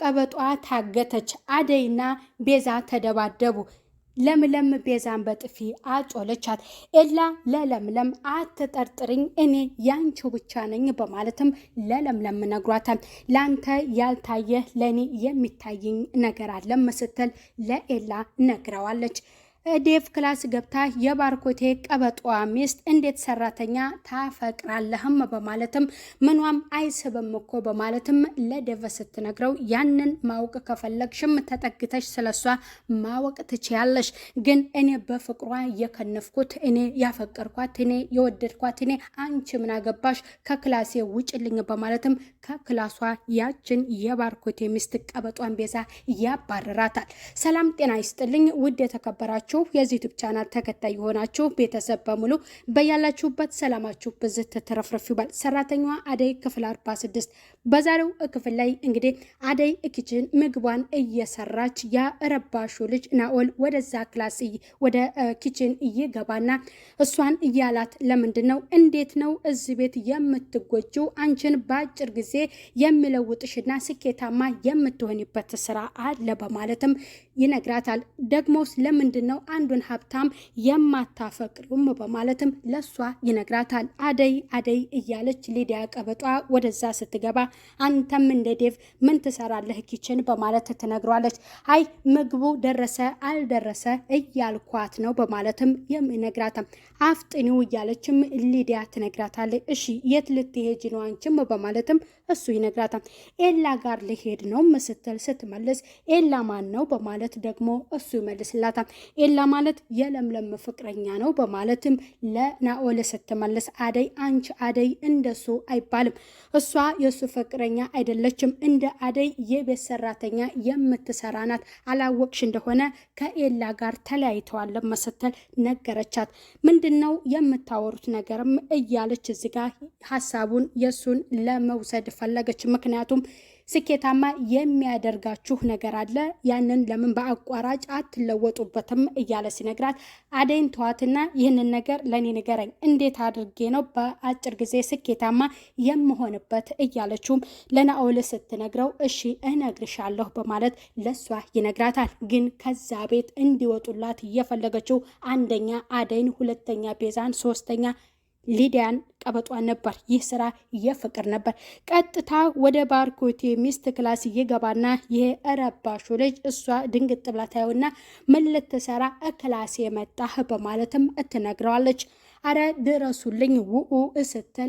ቀበጧ ታገተች። አደይና ቤዛ ተደባደቡ። ለምለም ቤዛን በጥፊ አጮለቻት። ኤላ ለለምለም አትጠርጥርኝ፣ እኔ ያንቺ ብቻ ነኝ በማለትም ለለምለም ነግሯታል። ለአንተ ያልታየ ለእኔ የሚታይኝ ነገር አለም ስትል ለኤላ ነግረዋለች። ዴቭ ክላስ ገብታ የባርኮቴ ቀበጧ ሚስት እንዴት ሰራተኛ ታፈቅራለህም በማለትም ምኗም አይስብም እኮ በማለትም ለዴቭ ስትነግረው ያንን ማወቅ ከፈለግሽም ተጠግተሽ ስለሷ ማወቅ ትችያለሽ። ግን እኔ በፍቅሯ የከነፍኩት እኔ ያፈቀርኳት እኔ የወደድኳት እኔ፣ አንቺ ምን አገባሽ? ከክላሴ ውጭልኝ በማለትም ከክላሷ ያችን የባርኮቴ ሚስት ቀበጧን ቤዛ ያባረራታል። ሰላም ጤና ይስጥልኝ ውድ የተከበራችሁ የሆናችሁ የዚህ ቻናል ተከታይ የሆናችሁ ቤተሰብ በሙሉ በያላችሁበት ሰላማችሁ ብዝት ተረፍረፍ ይባል። ሰራተኛዋ አደይ ክፍል 46 በዛሬው ክፍል ላይ እንግዲህ አደይ ኪችን ምግቧን እየሰራች ያ ረባሹ ልጅ ናኦል ወደዛ ክላስ ወደ ኪችን እየገባና እሷን እያላት ለምንድን ነው እንዴት ነው እዚህ ቤት የምትጎጂው? አንቺን በአጭር ጊዜ የሚለውጥሽና ስኬታማ የምትሆንበት ስራ አለ በማለትም ይነግራታል። ደግሞስ ለምንድን ነው አንዱን ሀብታም የማታፈቅሩም በማለትም ለሷ ይነግራታል። አደይ አደይ እያለች ሊዲያ ቀበጧ ወደዛ ስትገባ አንተም እንደ ዴቭ ምን ትሰራለህ ኪችን በማለት ትነግሯለች። አይ ምግቡ ደረሰ አልደረሰ እያልኳት ነው በማለትም የምነግራትም አፍጥኒው እያለችም ሊዲያ ትነግራታለች። እሺ የት ልትሄጂ ነው አንቺም በማለትም እሱ ይነግራታል። ኤላ ጋር ልሄድ ነው ምስትል ስትመልስ ኤላ ማን ነው በማለት ደግሞ እሱ ይመልስላታል። ኤላ ማለት የለምለም ፍቅረኛ ነው በማለትም ለናኦል ስትመልስ አደይ አንቺ አደይ እንደሱ አይባልም፣ እሷ የእሱ ፍቅረኛ አይደለችም፣ እንደ አደይ የቤት ሰራተኛ የምትሰራ ናት፣ አላወቅሽ እንደሆነ ከኤላ ጋር ተለያይተዋል መስትል ነገረቻት። ምንድን ነው የምታወሩት ነገርም እያለች እዚጋ ሀሳቡን የእሱን ለመውሰድ ፈለገች። ምክንያቱም ስኬታማ የሚያደርጋችሁ ነገር አለ፣ ያንን ለምን በአቋራጭ አትለወጡበትም? እያለ ሲነግራት አደይን ተዋትና ይህንን ነገር ለእኔ ንገረኝ፣ እንዴት አድርጌ ነው በአጭር ጊዜ ስኬታማ የምሆንበት? እያለችውም ለናኦል ስትነግረው እሺ እነግርሻለሁ በማለት ለሷ ይነግራታል። ግን ከዛ ቤት እንዲወጡላት እየፈለገችው አንደኛ አደይን፣ ሁለተኛ ቤዛን፣ ሶስተኛ ሊዲያን መቀበጧ ነበር። ይህ ስራ የፍቅር ነበር። ቀጥታ ወደ ባርኮቴ ሚስት ክላስ እየገባና ይሄ እረባሹ ልጅ እሷ ድንግጥ ብላ ታየውና ምን ልትሰራ እክላሴ የመጣህ በማለትም እትነግረዋለች። አረ ድረሱልኝ ውኡ ስትል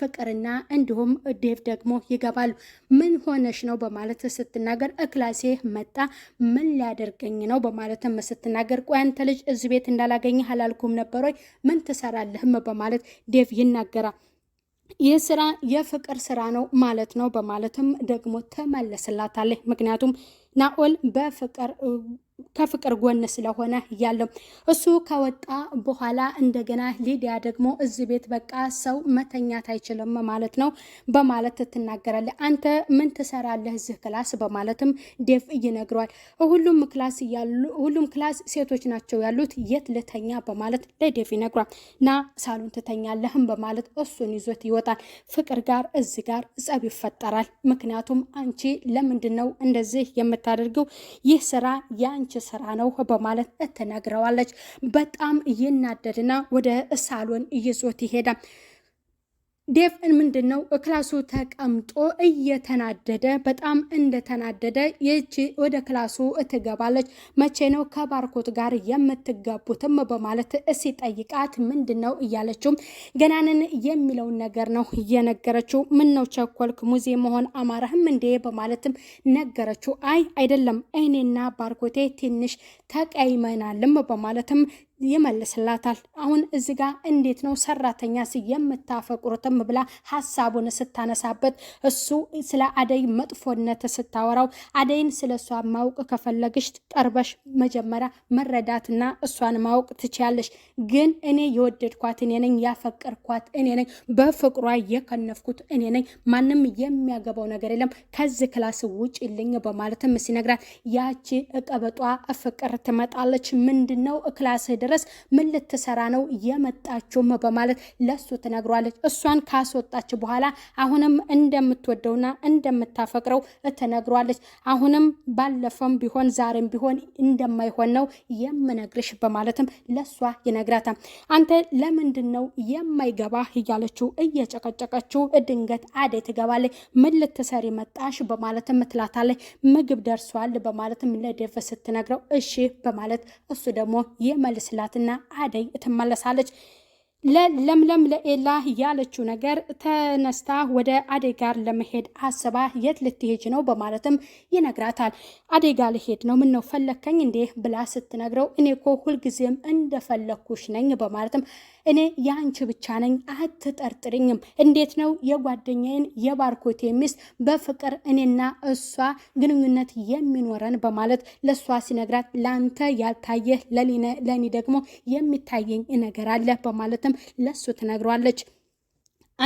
ፍቅርና እንዲሁም ዴቭ ደግሞ ይገባሉ። ምን ሆነሽ ነው በማለት ስትናገር እክላሴ መጣ ምን ሊያደርገኝ ነው በማለትም ስትናገር ቆይ አንተ ልጅ እዚህ ቤት እንዳላገኘ አላልኩም ነበር ወይ? ምን ትሰራለህም በማለት ዴቭ ይናገ ተናገረ። ይህ ስራ የፍቅር ስራ ነው ማለት ነው በማለትም ደግሞ ትመልስላታለች። ምክንያቱም ናኦል በፍቅር ከፍቅር ጎን ስለሆነ ያለው እሱ ከወጣ በኋላ እንደገና ሊዲያ ደግሞ እዚህ ቤት በቃ ሰው መተኛት አይችልም ማለት ነው በማለት ትናገራለ አንተ ምን ትሰራለህ እዚህ ክላስ በማለትም ዴፍ ይነግሯል። ሁሉም ክላስ ያሉ ሁሉም ክላስ ሴቶች ናቸው ያሉት የት ልተኛ በማለት ለዴፍ ይነግሯል። ና ሳሎን ትተኛለህም በማለት እሱን ይዞት ይወጣል። ፍቅር ጋር እዚህ ጋር ጸብ ይፈጠራል። ምክንያቱም አንቺ ለምንድን ነው እንደዚህ የምታ የምታደርጊው ይህ ስራ የአንቺ ስራ ነው በማለት ትነግረዋለች። በጣም ይናደድና ወደ ሳሎን ይዞት ይሄዳል። ዴቭን ምንድን ነው ክላሱ ተቀምጦ እየተናደደ በጣም እንደተናደደ ይቺ ወደ ክላሱ ትገባለች። መቼ ነው ከባርኮት ጋር የምትጋቡትም በማለት ሲጠይቃት ምንድን ነው እያለችው ገናንን የሚለውን ነገር ነው እየነገረችው። ምን ነው ቸኮልክ ሙዜ መሆን አማረህም እንዴ በማለትም ነገረችው። አይ አይደለም እኔና ባርኮቴ ትንሽ ተቀይመናልም በማለትም ይመልስላታል። አሁን እዚ ጋ እንዴት ነው ሰራተኛ ስ የምታፈቅሩትም ብላ ሀሳቡን ስታነሳበት እሱ ስለ አደይ መጥፎነት ስታወራው አደይን ስለ እሷ ማወቅ ከፈለግሽ ጠርበሽ መጀመሪያ መረዳትና እሷን ማወቅ ትችያለሽ። ግን እኔ የወደድኳት እኔ ነኝ፣ ያፈቀርኳት እኔ ነኝ፣ በፍቅሯ የከነፍኩት እኔ ነኝ። ማንም የሚያገባው ነገር የለም ከዚ ክላስ ውጭ ልኝ በማለትም ሲነግራት ያቺ እቀበጧ ፍቅር ትመጣለች። ምንድን ነው ክላስ ድረስ ምን ልትሰራ ነው የመጣችውም በማለት ለሱ ትነግሯለች። እሷን ካስወጣች በኋላ አሁንም እንደምትወደውና እንደምታፈቅረው ትነግሯለች። አሁንም ባለፈም ቢሆን ዛሬም ቢሆን እንደማይሆን ነው የምነግርሽ በማለትም ለሷ ይነግራታል። አንተ ለምንድን ነው የማይገባ እያለችው እየጨቀጨቀችው ድንገት አደይ ትገባለች። ምን ልትሰሪ መጣሽ በማለትም ትላታለች። ምግብ ደርሷል በማለትም ለደፈ ስትነግረው እሺ በማለት እሱ ደግሞ የመልስ ይመልስላትና አደይ ትመለሳለች። ለለምለም ለኤላ ያለችው ነገር ተነስታ ወደ አዴ ጋር ለመሄድ አስባ የት ልትሄጅ ነው በማለትም ይነግራታል። አዴጋ ጋር ልሄድ ነው፣ ምን ነው ፈለግከኝ እንዴ ብላ ስትነግረው እኔ እኮ ሁልጊዜም እንደፈለግኩሽ ነኝ በማለትም እኔ የአንቺ ብቻ ነኝ አትጠርጥርኝም። እንዴት ነው የጓደኛዬን የባርኮቴ ሚስት በፍቅር እኔና እሷ ግንኙነት የሚኖረን በማለት ለእሷ ሲነግራት ለአንተ ያልታየህ ለኔ ደግሞ የሚታየኝ ነገር አለ በማለትም ለሱ ትነግሯለች።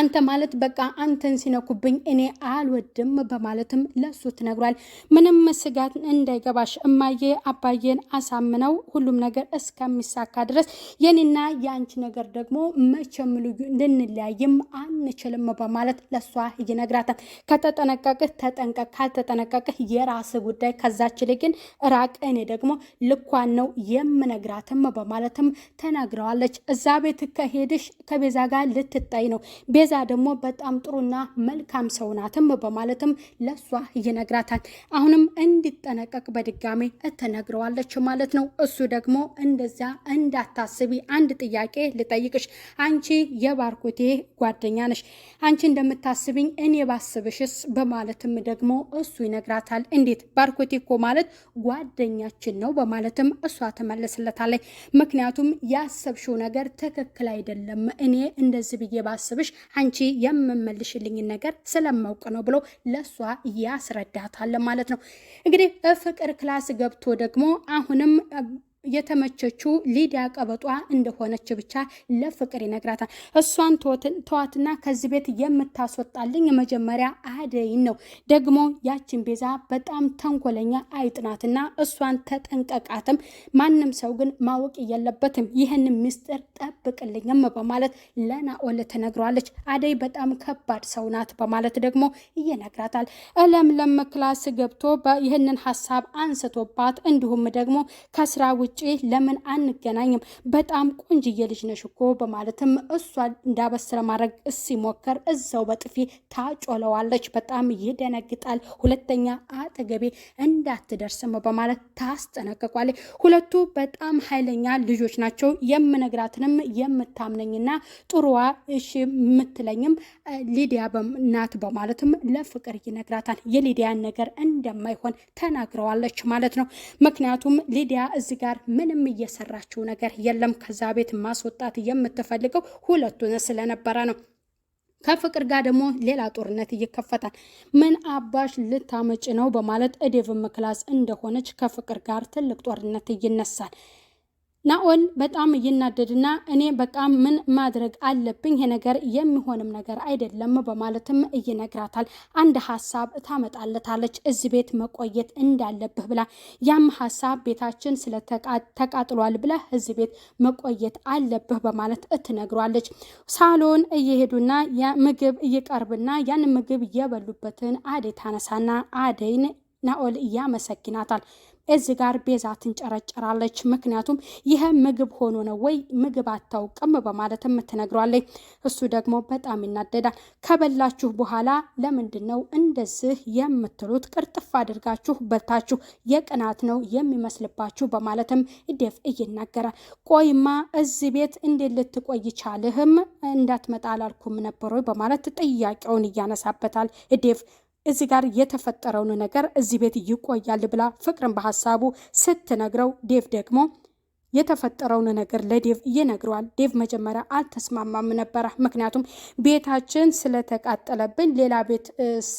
አንተ ማለት በቃ አንተን ሲነኩብኝ እኔ አልወድም በማለትም ለሱ ትነግሯል። ምንም ስጋት እንዳይገባሽ እማዬ አባዬን አሳምነው ሁሉም ነገር እስከሚሳካ ድረስ የኔና የአንቺ ነገር ደግሞ መቼም ልዩ ልንለያይም አንችልም በማለት ለሷ ይነግራታል። ከተጠነቀቅህ ተጠንቀቅ፣ ካልተጠነቀቅህ የራስ ጉዳይ፣ ከዛች ልግን ራቅ፣ እኔ ደግሞ ልኳን ነው የምነግራትም በማለትም ተናግረዋለች። እዛ ቤት ከሄድሽ ከቤዛ ጋር ልትጣይ ነው ቤዛ ደግሞ በጣም ጥሩና መልካም ሰው ናትም በማለትም ለሷ ይነግራታል። አሁንም እንዲጠነቀቅ በድጋሚ እተነግረዋለች ማለት ነው። እሱ ደግሞ እንደዛ እንዳታስቢ አንድ ጥያቄ ልጠይቅሽ፣ አንቺ የባርኮቴ ጓደኛ ነሽ፣ አንቺ እንደምታስብኝ እኔ ባስብሽስ በማለትም ደግሞ እሱ ይነግራታል። እንዴት ባርኮቴ እኮ ማለት ጓደኛችን ነው በማለትም እሷ ትመልስለታለች። ምክንያቱም ያሰብሽው ነገር ትክክል አይደለም፣ እኔ እንደዚህ ብዬ ባስብሽ አንቺ የምመልሽልኝን ነገር ስለማውቅ ነው ብሎ ለሷ ያስረዳታል ማለት ነው። እንግዲህ ፍቅር ክላስ ገብቶ ደግሞ አሁንም የተመቸችው ሊዲያ ቀበጧ እንደሆነች ብቻ ለፍቅር ይነግራታል። እሷን ተዋትና ከዚህ ቤት የምታስወጣልኝ የመጀመሪያ አደይን ነው። ደግሞ ያችን ቤዛ በጣም ተንኮለኛ አይጥናትና እሷን ተጠንቀቃትም። ማንም ሰው ግን ማወቅ የለበትም ይህን ምስጢር ጠብቅልኝም በማለት ለናኦል ትነግሯለች። አደይ በጣም ከባድ ሰው ናት በማለት ደግሞ ይነግራታል። ለምለም ክላስ ገብቶ ይህንን ሀሳብ አንስቶባት እንዲሁም ደግሞ ከስራ ውጭ ውጪ ለምን አንገናኝም? በጣም ቆንጅዬ ልጅ ነሽ እኮ በማለትም እሷ እንዳበስረ ማድረግ ሲሞከር እዛው በጥፊ ታጮለዋለች። በጣም ይደነግጣል። ሁለተኛ አጠገቤ እንዳትደርስም በማለት ታስጠነቅቋል። ሁለቱ በጣም ኃይለኛ ልጆች ናቸው። የምነግራትንም የምታምነኝና ጥሩዋ እሺ የምትለኝም ሊዲያ ናት በማለትም ለፍቅር ይነግራታል። የሊዲያን ነገር እንደማይሆን ተናግረዋለች ማለት ነው። ምክንያቱም ሊዲያ እዚህ ጋር ምንም እየሰራችው ነገር የለም። ከዛ ቤት ማስወጣት የምትፈልገው ሁለቱን ስለነበረ ነው። ከፍቅር ጋር ደግሞ ሌላ ጦርነት ይከፈታል። ምን አባሽ ልታመጭ ነው በማለት እዴቭ ምክላስ እንደሆነች ከፍቅር ጋር ትልቅ ጦርነት ይነሳል። ናኦል በጣም ይናደድና እኔ በቃ ምን ማድረግ አለብኝ ይሄ ነገር የሚሆንም ነገር አይደለም በማለትም ይነግራታል። አንድ ሀሳብ ታመጣለታለች እዚህ ቤት መቆየት እንዳለብህ ብላ ያም ሀሳብ ቤታችን ስለተቃጥሏል ብላ እዚህ ቤት መቆየት አለብህ በማለት እትነግሯለች። ሳሎን እየሄዱና ምግብ እየቀርብና ያን ምግብ እየበሉበትን አደይ ታነሳና አደይን ናኦል እያመሰግናታል። እዚህ ጋር ቤዛ ትንጨረጨራለች። ምክንያቱም ይህ ምግብ ሆኖ ነው ወይ ምግብ አታውቅም በማለት የምትነግሯለች። እሱ ደግሞ በጣም ይናደዳል። ከበላችሁ በኋላ ለምንድን ነው እንደዚህ የምትሉት? ቅርጥፍ አድርጋችሁ በልታችሁ የቅናት ነው የሚመስልባችሁ በማለትም ደፍ እይናገራል። ቆይማ እዚህ ቤት እንዴት ልትቆይ ቻልህም? እንዳትመጣ አላልኩም ነበር ወይ በማለት ጥያቄውን እያነሳበታል ዴፍ እዚህ ጋር የተፈጠረውን ነገር እዚህ ቤት ይቆያል ብላ ፍቅርን በሀሳቡ ስትነግረው ዴቭ ደግሞ የተፈጠረውን ነገር ለዴቭ ይነግረዋል። ዴቭ መጀመሪያ አልተስማማም ነበረ። ምክንያቱም ቤታችን ስለተቃጠለብኝ ሌላ ቤት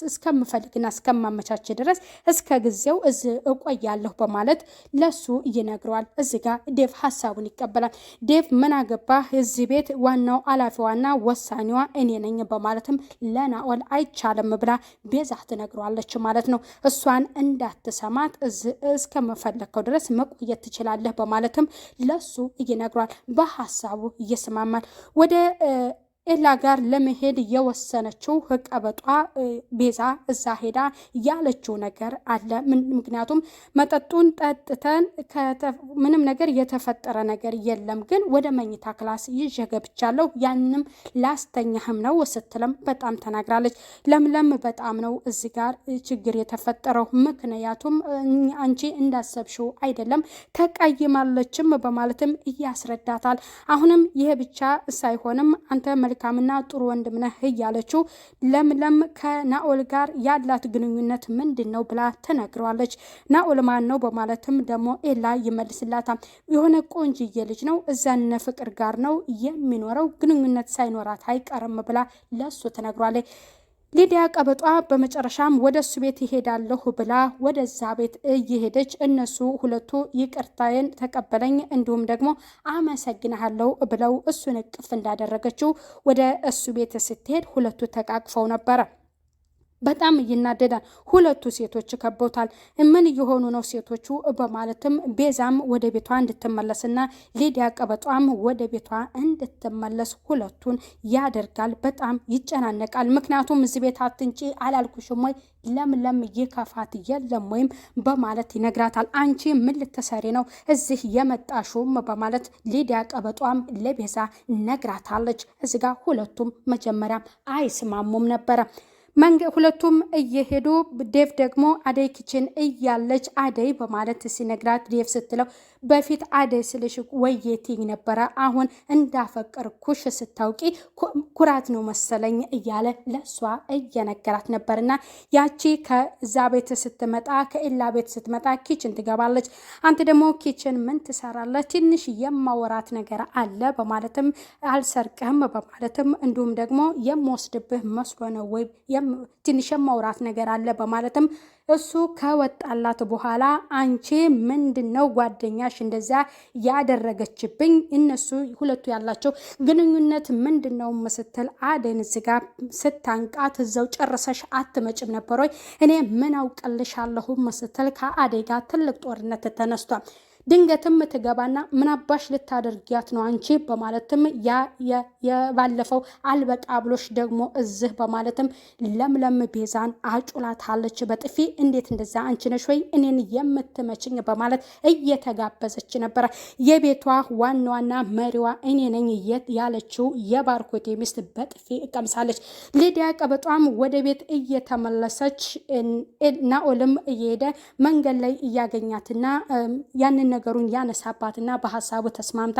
እስከምፈልግና እስከማመቻች ድረስ እስከ ጊዜው እዚ እቆያለሁ በማለት ለሱ ይነግረዋል። እዚ ጋ ዴቭ ሀሳቡን ይቀበላል። ዴቭ ምን አገባ እዚህ ቤት ዋናው አላፊዋና ወሳኔዋ እኔ ነኝ በማለትም ለናኦል አይቻልም ብላ ቤዛ ትነግረዋለች ማለት ነው። እሷን እንዳትሰማት እዚ እስከምፈለግከው ድረስ መቆየት ትችላለህ በማለትም ለሱ ይነግሯል። በሀሳቡ እየስማማል ወደ ኤላ ጋር ለመሄድ የወሰነችው ህቀበጧ ቤዛ እዛ ሄዳ ያለችው ነገር አለ። ምክንያቱም መጠጡን ጠጥተን ምንም ነገር የተፈጠረ ነገር የለም፣ ግን ወደ መኝታ ክላስ ይዤ ገብቻለሁ፣ ያንም ላስተኛህም ነው ስትለም በጣም ተናግራለች። ለምለም በጣም ነው እዚ ጋር ችግር የተፈጠረው፣ ምክንያቱም አንቺ እንዳሰብሽው አይደለም፣ ተቀይማለችም በማለትም እያስረዳታል። አሁንም ይሄ ብቻ ሳይሆንም አንተ መልካምና ጥሩ ወንድም ነህ እያለችው ለምለም ከናኦል ጋር ያላት ግንኙነት ምንድን ነው ብላ ትነግረዋለች። ናኦል ማን ነው በማለትም ደግሞ ኤላ ይመልስላታል። የሆነ ቆንጅዬ ልጅ ነው እዛነ ፍቅር ጋር ነው የሚኖረው ግንኙነት ሳይኖራት አይቀርም ብላ ለሱ ትነግሯለች። ሊዲያ ቀበጧ በመጨረሻም ወደ እሱ ቤት ይሄዳለሁ ብላ ወደዛ ቤት እየሄደች እነሱ ሁለቱ ይቅርታዬን ተቀበለኝ እንዲሁም ደግሞ አመሰግናለሁ ብለው እሱን እቅፍ እንዳደረገችው ወደ እሱ ቤት ስትሄድ ሁለቱ ተቃቅፈው ነበረ። በጣም ይናደዳል። ሁለቱ ሴቶች ከቦታል። ምን እየሆኑ ነው ሴቶቹ? በማለትም ቤዛም ወደ ቤቷ እንድትመለስና ሊዲያ ቀበጧም ወደ ቤቷ እንድትመለስ ሁለቱን ያደርጋል። በጣም ይጨናነቃል። ምክንያቱም እዚህ ቤት አትንጪ አላልኩሽም ወይ? ለምለም ይከፋት የለም ወይም በማለት ይነግራታል። አንቺ ምን ልትሰሪ ነው እዚህ የመጣሹም? በማለት ሊዲያ ቀበጧም ለቤዛ ነግራታለች። እዚጋ ሁለቱም መጀመሪያ አይስማሙም ነበረ። ሁለቱም እየሄዱ ዴቭ ደግሞ አደይ ኪችን እያለች አደይ በማለት ሲነግራት ዴቭ ስትለው በፊት አደይ ስልሽ ወየትኝ ነበረ፣ አሁን እንዳፈቀርኩሽ ስታውቂ ኩራት ነው መሰለኝ እያለ ለእሷ እየነገራት ነበርና ያቺ ከዛ ቤት ስትመጣ ከኤላ ቤት ስትመጣ ኪችን ትገባለች። አንተ ደግሞ ኪችን ምን ትሰራለ ትንሽ የማወራት ነገር አለ በማለትም አልሰርቅህም በማለትም እንዲሁም ደግሞ የምወስድብህ መስሎ ነው ወይ ትንሽ የማውራት ነገር አለ በማለትም እሱ ከወጣላት በኋላ አንቺ ምንድን ነው ጓደኛሽ እንደዚያ ያደረገችብኝ? እነሱ ሁለቱ ያላቸው ግንኙነት ምንድን ነው ምስትል አደን ስጋ ስታንቃት እዛው ጨርሰሽ አትመጭም ነበሮች እኔ ምን አውቅልሻለሁ ስትል ከአደጋ ትልቅ ጦርነት ተነስቷል። ድንገትም ትገባና ምናባሽ ልታደርጊያት ነው አንቺ በማለትም ያ የባለፈው አልበቃ ብሎሽ ደግሞ እዝህ በማለትም ለምለም ቤዛን አጩላታለች በጥፊ እንዴት እንደዛ አንቺ ነሽ ወይ እኔን የምትመችኝ በማለት እየተጋበዘች ነበረ። የቤቷ ዋናዋና መሪዋ እኔ ነኝ ያለችው የባርኮቴ ሚስት በጥፊ እቀምሳለች። ሊዲያ ቀበጧም ወደ ቤት እየተመለሰች ናኦልም እየሄደ መንገድ ላይ እያገኛትና ያንን ነገሩን ያነሳባትና በሀሳቡ ተስማምታ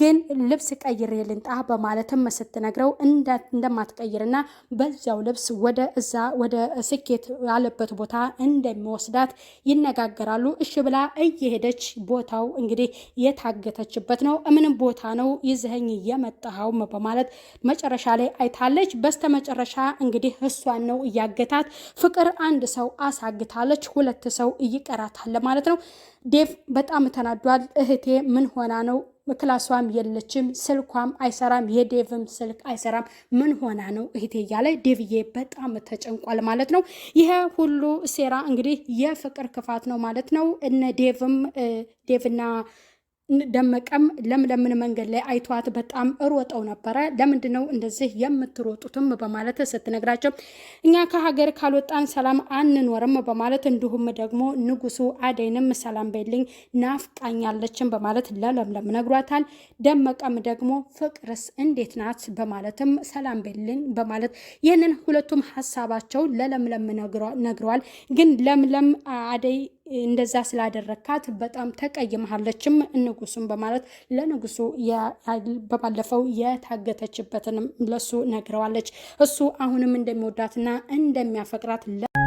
ግን ልብስ ቀይሬ ልንጣ በማለትም ስትነግረው እንደማትቀይርና በዚያው ልብስ ወደ እዛ ወደ ስኬት ያለበት ቦታ እንደሚወስዳት ይነጋገራሉ። እሺ ብላ እየሄደች ቦታው እንግዲህ የታገተችበት ነው። ምንም ቦታ ነው ይዘኝ የመጣኸውም በማለት መጨረሻ ላይ አይታለች። በስተመጨረሻ እንግዲህ እሷን ነው እያገታት ፍቅር አንድ ሰው አሳግታለች፣ ሁለት ሰው ይቀራታል ማለት ነው። ዴቭ በጣም ተናዷል። እህቴ ምን ሆና ነው? ክላሷም የለችም፣ ስልኳም አይሰራም፣ የዴቭም ስልክ አይሰራም። ምን ሆና ነው እህቴ እያለ ዴቭዬ በጣም ተጨንቋል ማለት ነው። ይሄ ሁሉ ሴራ እንግዲህ የፍቅር ክፋት ነው ማለት ነው። እነ ዴቭም ዴቭና ደመቀም ለምለምን መንገድ ላይ አይቷት በጣም እሮጠው ነበረ። ለምንድ ነው እንደዚህ የምትሮጡትም በማለት ስትነግራቸው እኛ ከሀገር ካልወጣን ሰላም አንኖርም በማለት እንዲሁም ደግሞ ንጉሱ አደይንም ሰላም ቤልኝ ናፍቃኛለችን በማለት ለለምለም ነግሯታል። ደመቀም ደግሞ ፍቅርስ እንዴት ናት በማለትም ሰላም በይልኝ በማለት ይህንን ሁለቱም ሀሳባቸው ለለምለም ነግረዋል። ግን ለምለም አደይ እንደዛ ስላደረካት በጣም ተቀይመሃለችም ንጉሱን በማለት ለንጉሱ በባለፈው የታገተችበትንም ለሱ ነግረዋለች። እሱ አሁንም እንደሚወዳትና እንደሚያፈቅራት